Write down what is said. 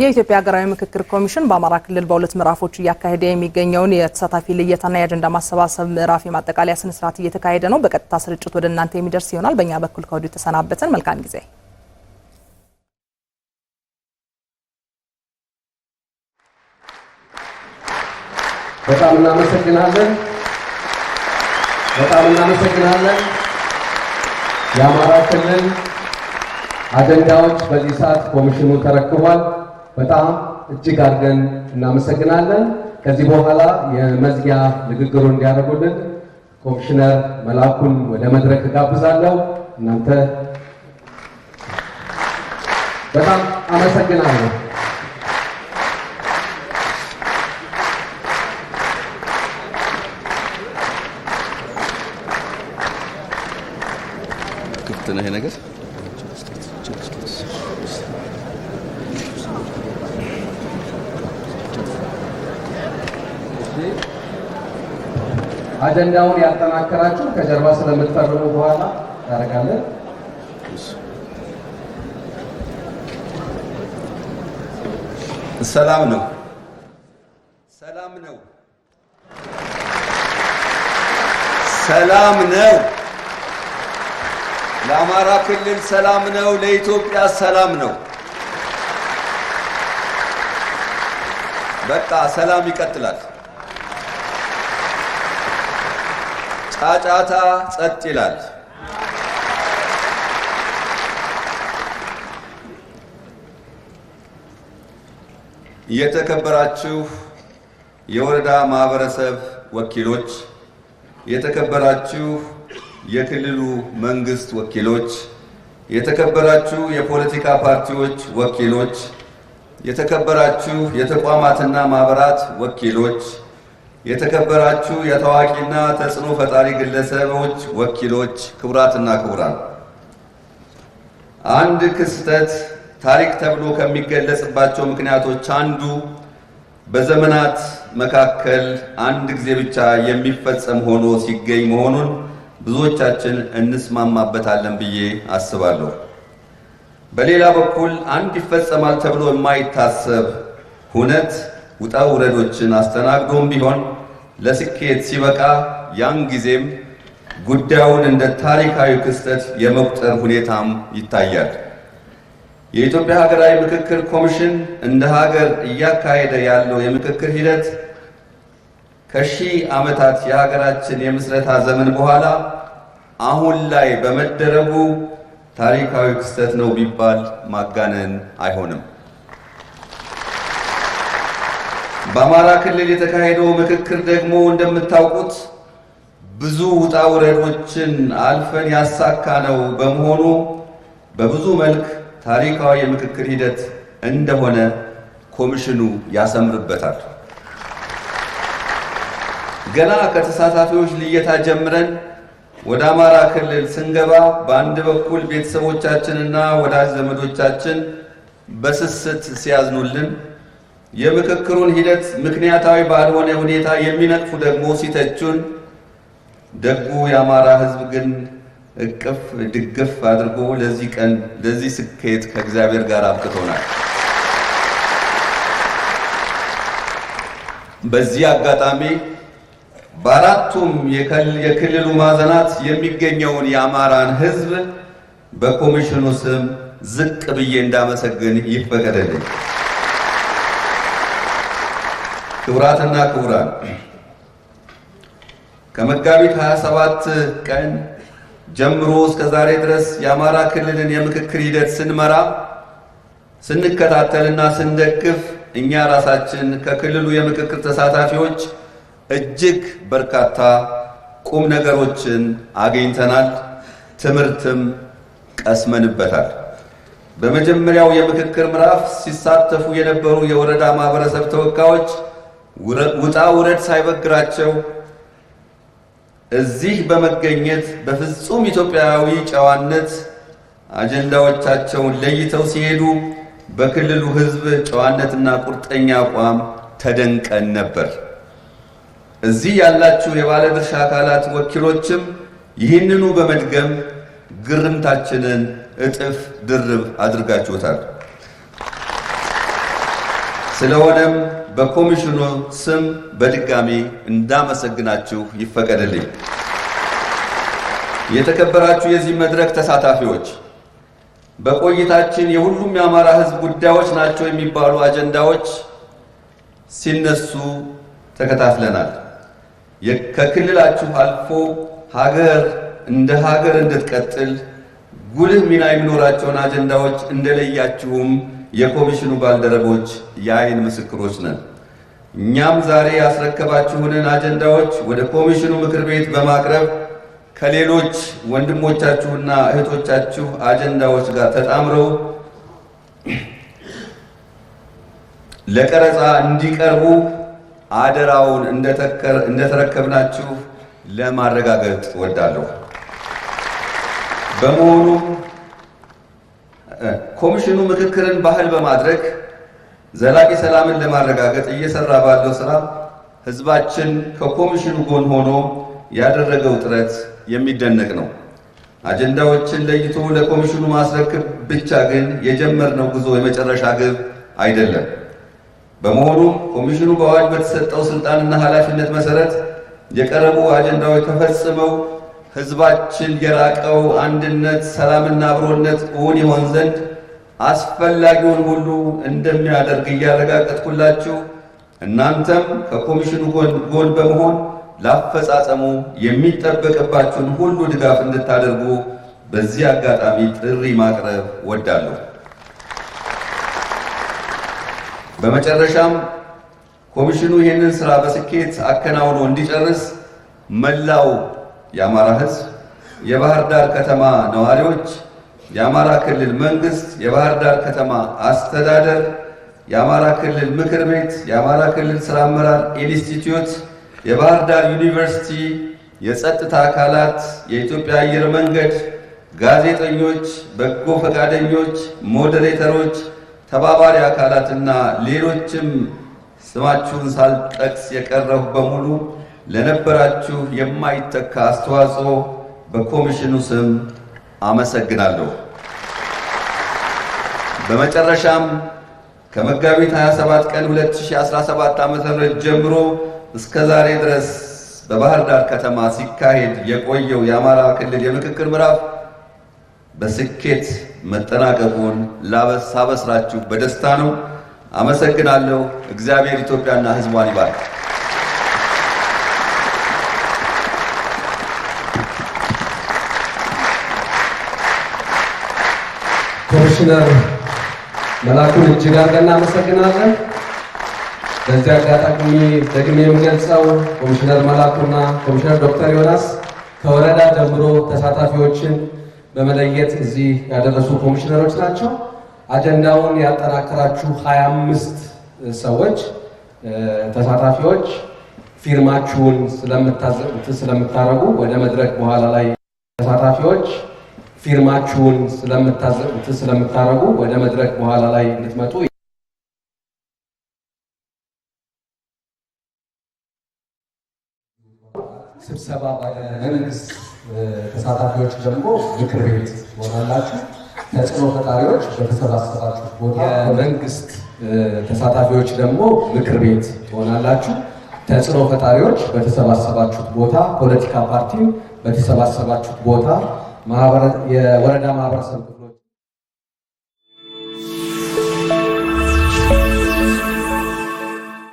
የኢትዮጵያ ሀገራዊ ምክክር ኮሚሽን በአማራ ክልል በሁለት ምዕራፎች እያካሄደ የሚገኘውን የተሳታፊ ልየታና የአጀንዳ ማሰባሰብ ምዕራፍ የማጠቃለያ ስነስርዓት እየተካሄደ ነው። በቀጥታ ስርጭት ወደ እናንተ የሚደርስ ይሆናል። በእኛ በኩል ከወዲሁ የተሰናበትን መልካም ጊዜ በጣም እናመሰግናለን። በጣም እናመሰግናለን። የአማራ ክልል አጀንዳዎች በዚህ ሰዓት ኮሚሽኑ ተረክቧል። በጣም እጅግ አድርገን እናመሰግናለን። ከዚህ በኋላ የመዝጊያ ንግግሩ እንዲያደርጉልን ኮሚሽነር መላኩን ወደ መድረክ እጋብዛለሁ። እናንተ በጣም አመሰግናለሁ። ክፍት ነው ይሄ ነገር። አጀንዳውን ያጠናከራችሁ ከጀርባ ስለምትፈርሙ በኋላ ያደርጋለን። ሰላም ነው፣ ሰላም ነው፣ ሰላም ነው። ለአማራ ክልል ሰላም ነው፣ ለኢትዮጵያ ሰላም ነው። በቃ ሰላም ይቀጥላል። ጫጫታ ጸጥ ይላል። የተከበራችሁ የወረዳ ማህበረሰብ ወኪሎች፣ የተከበራችሁ የክልሉ መንግስት ወኪሎች፣ የተከበራችሁ የፖለቲካ ፓርቲዎች ወኪሎች፣ የተከበራችሁ የተቋማትና ማህበራት ወኪሎች የተከበራችሁ የታዋቂና ተጽዕኖ ፈጣሪ ግለሰቦች ወኪሎች፣ ክቡራትና ክቡራን፣ አንድ ክስተት ታሪክ ተብሎ ከሚገለጽባቸው ምክንያቶች አንዱ በዘመናት መካከል አንድ ጊዜ ብቻ የሚፈጸም ሆኖ ሲገኝ መሆኑን ብዙዎቻችን እንስማማበታለን ብዬ አስባለሁ። በሌላ በኩል አንድ ይፈጸማል ተብሎ የማይታሰብ ሁነት ውጣ ውረዶችን አስተናግዶም ቢሆን ለስኬት ሲበቃ ያን ጊዜም ጉዳዩን እንደ ታሪካዊ ክስተት የመቁጠር ሁኔታም ይታያል። የኢትዮጵያ ሀገራዊ ምክክር ኮሚሽን እንደ ሀገር እያካሄደ ያለው የምክክር ሂደት ከሺህ ዓመታት የሀገራችን የምስረታ ዘመን በኋላ አሁን ላይ በመደረጉ ታሪካዊ ክስተት ነው ቢባል ማጋነን አይሆንም። በአማራ ክልል የተካሄደው ምክክር ደግሞ እንደምታውቁት ብዙ ውጣ ውረዶችን አልፈን ነው በመሆኑ በብዙ መልክ ታሪካዊ የምክክር ሂደት እንደሆነ ኮሚሽኑ ያሰምርበታል። ገና ከተሳታፊዎች ልየታ ጀምረን ወደ አማራ ክልል ስንገባ በአንድ በኩል ቤተሰቦቻችንና ወዳጅ ዘመዶቻችን በስስት ሲያዝኑልን የምክክሩን ሂደት ምክንያታዊ ባልሆነ ሁኔታ የሚነቅፉ ደግሞ ሲተቹን፣ ደጉ የአማራ ሕዝብ ግን እቅፍ ድግፍ አድርጎ ለዚህ ቀን ለዚህ ስኬት ከእግዚአብሔር ጋር አብቅቶናል። በዚህ አጋጣሚ በአራቱም የክልሉ ማዕዘናት የሚገኘውን የአማራን ሕዝብ በኮሚሽኑ ስም ዝቅ ብዬ እንዳመሰግን ይፈቀደልኝ። ክቡራትና ክቡራን ከመጋቢት 27 ቀን ጀምሮ እስከ ዛሬ ድረስ የአማራ ክልልን የምክክር ሂደት ስንመራ ስንከታተልና ስንደግፍ እኛ ራሳችን ከክልሉ የምክክር ተሳታፊዎች እጅግ በርካታ ቁም ነገሮችን አግኝተናል፣ ትምህርትም ቀስመንበታል። በመጀመሪያው የምክክር ምዕራፍ ሲሳተፉ የነበሩ የወረዳ ማህበረሰብ ተወካዮች ውጣ ውረድ ሳይበግራቸው እዚህ በመገኘት በፍጹም ኢትዮጵያዊ ጨዋነት አጀንዳዎቻቸውን ለይተው ሲሄዱ በክልሉ ሕዝብ ጨዋነትና ቁርጠኛ አቋም ተደንቀን ነበር። እዚህ ያላችሁ የባለድርሻ አካላት ወኪሎችም ይህንኑ በመድገም ግርምታችንን እጥፍ ድርብ አድርጋችሁታል። ስለሆነም በኮሚሽኑ ስም በድጋሚ እንዳመሰግናችሁ ይፈቀድልኝ። የተከበራችሁ የዚህ መድረክ ተሳታፊዎች በቆይታችን የሁሉም የአማራ ሕዝብ ጉዳዮች ናቸው የሚባሉ አጀንዳዎች ሲነሱ ተከታትለናል። ከክልላችሁ አልፎ ሀገር እንደ ሀገር እንድትቀጥል ጉልህ ሚና የሚኖራቸውን አጀንዳዎች እንደለያችሁም የኮሚሽኑ ባልደረቦች የአይን ምስክሮች ነን። እኛም ዛሬ ያስረከባችሁንን አጀንዳዎች ወደ ኮሚሽኑ ምክር ቤት በማቅረብ ከሌሎች ወንድሞቻችሁና እህቶቻችሁ አጀንዳዎች ጋር ተጣምረው ለቀረጻ እንዲቀርቡ አደራውን እንደተረከብናችሁ ለማረጋገጥ ወዳለሁ። በመሆኑ ኮሚሽኑ ምክክርን ባህል በማድረግ ዘላቂ ሰላምን ለማረጋገጥ እየሰራ ባለው ስራ ህዝባችን ከኮሚሽኑ ጎን ሆኖ ያደረገው ጥረት የሚደነቅ ነው። አጀንዳዎችን ለይቶ ለኮሚሽኑ ማስረክብ ብቻ ግን የጀመርነው ጉዞ የመጨረሻ ግብ አይደለም። በመሆኑም ኮሚሽኑ በአዋጅ በተሰጠው ስልጣንና ኃላፊነት መሰረት የቀረቡ አጀንዳዎች ተፈጽመው ህዝባችን የራቀው አንድነት፣ ሰላምና አብሮነት እውን ይሆን ዘንድ አስፈላጊውን ሁሉ እንደሚያደርግ እያረጋገጥኩላችሁ እናንተም ከኮሚሽኑ ጎን በመሆን ላፈጻጸሙ የሚጠበቅባችሁን ሁሉ ድጋፍ እንድታደርጉ በዚህ አጋጣሚ ጥሪ ማቅረብ ወዳለሁ። በመጨረሻም ኮሚሽኑ ይህንን ስራ በስኬት አከናውኖ እንዲጨርስ መላው የአማራ ህዝብ፣ የባህር ዳር ከተማ ነዋሪዎች፣ የአማራ ክልል መንግስት፣ የባህር ዳር ከተማ አስተዳደር፣ የአማራ ክልል ምክር ቤት፣ የአማራ ክልል ስራ አመራር ኢንስቲትዩት፣ የባህር ዳር ዩኒቨርሲቲ፣ የጸጥታ አካላት፣ የኢትዮጵያ አየር መንገድ፣ ጋዜጠኞች፣ በጎ ፈቃደኞች፣ ሞዴሬተሮች፣ ተባባሪ አካላትና ሌሎችም ስማችሁን ሳልጠቅስ የቀረሁ በሙሉ ለነበራችሁ የማይተካ አስተዋጽኦ በኮሚሽኑ ስም አመሰግናለሁ። በመጨረሻም ከመጋቢት 27 ቀን 2017 ም ጀምሮ እስከ ዛሬ ድረስ በባህር ዳር ከተማ ሲካሄድ የቆየው የአማራ ክልል የምክክር ምዕራፍ በስኬት መጠናቀቁን ሳበስራችሁ በደስታ ነው። አመሰግናለሁ። እግዚአብሔር ኢትዮጵያና ሕዝቧን ይባርክ። ኮሚሽነር መላኩን እጅግ አድርገን እናመሰግናለን። በዚህ አጋጣሚ ደግሜ የምገልጸው ኮሚሽነር መላኩና ኮሚሽነር ዶክተር ዮናስ ከወረዳ ጀምሮ ተሳታፊዎችን በመለየት እዚህ ያደረሱ ኮሚሽነሮች ናቸው። አጀንዳውን ያጠናከራችሁ ሀያ አምስት ሰዎች ተሳታፊዎች ፊርማችሁን ስለምታረጉ ወደ መድረክ በኋላ ላይ ተሳታፊዎች ፊርማችሁን ስለምታረጉ ወደ መድረክ በኋላ ላይ እንድትመጡ ስብሰባ መንግስት ተሳታፊዎች ጀምሮ ምክር ቤት ሆናላችሁ ተጽዕኖ ፈጣሪዎች በተሰባሰባችሁ ቦታ የመንግስት ተሳታፊዎች ደግሞ ምክር ቤት ትሆናላችሁ። ተጽዕኖ ፈጣሪዎች በተሰባሰባችሁት ቦታ ፖለቲካ ፓርቲም በተሰባሰባችሁት ቦታ የወረዳ ማህበረሰብ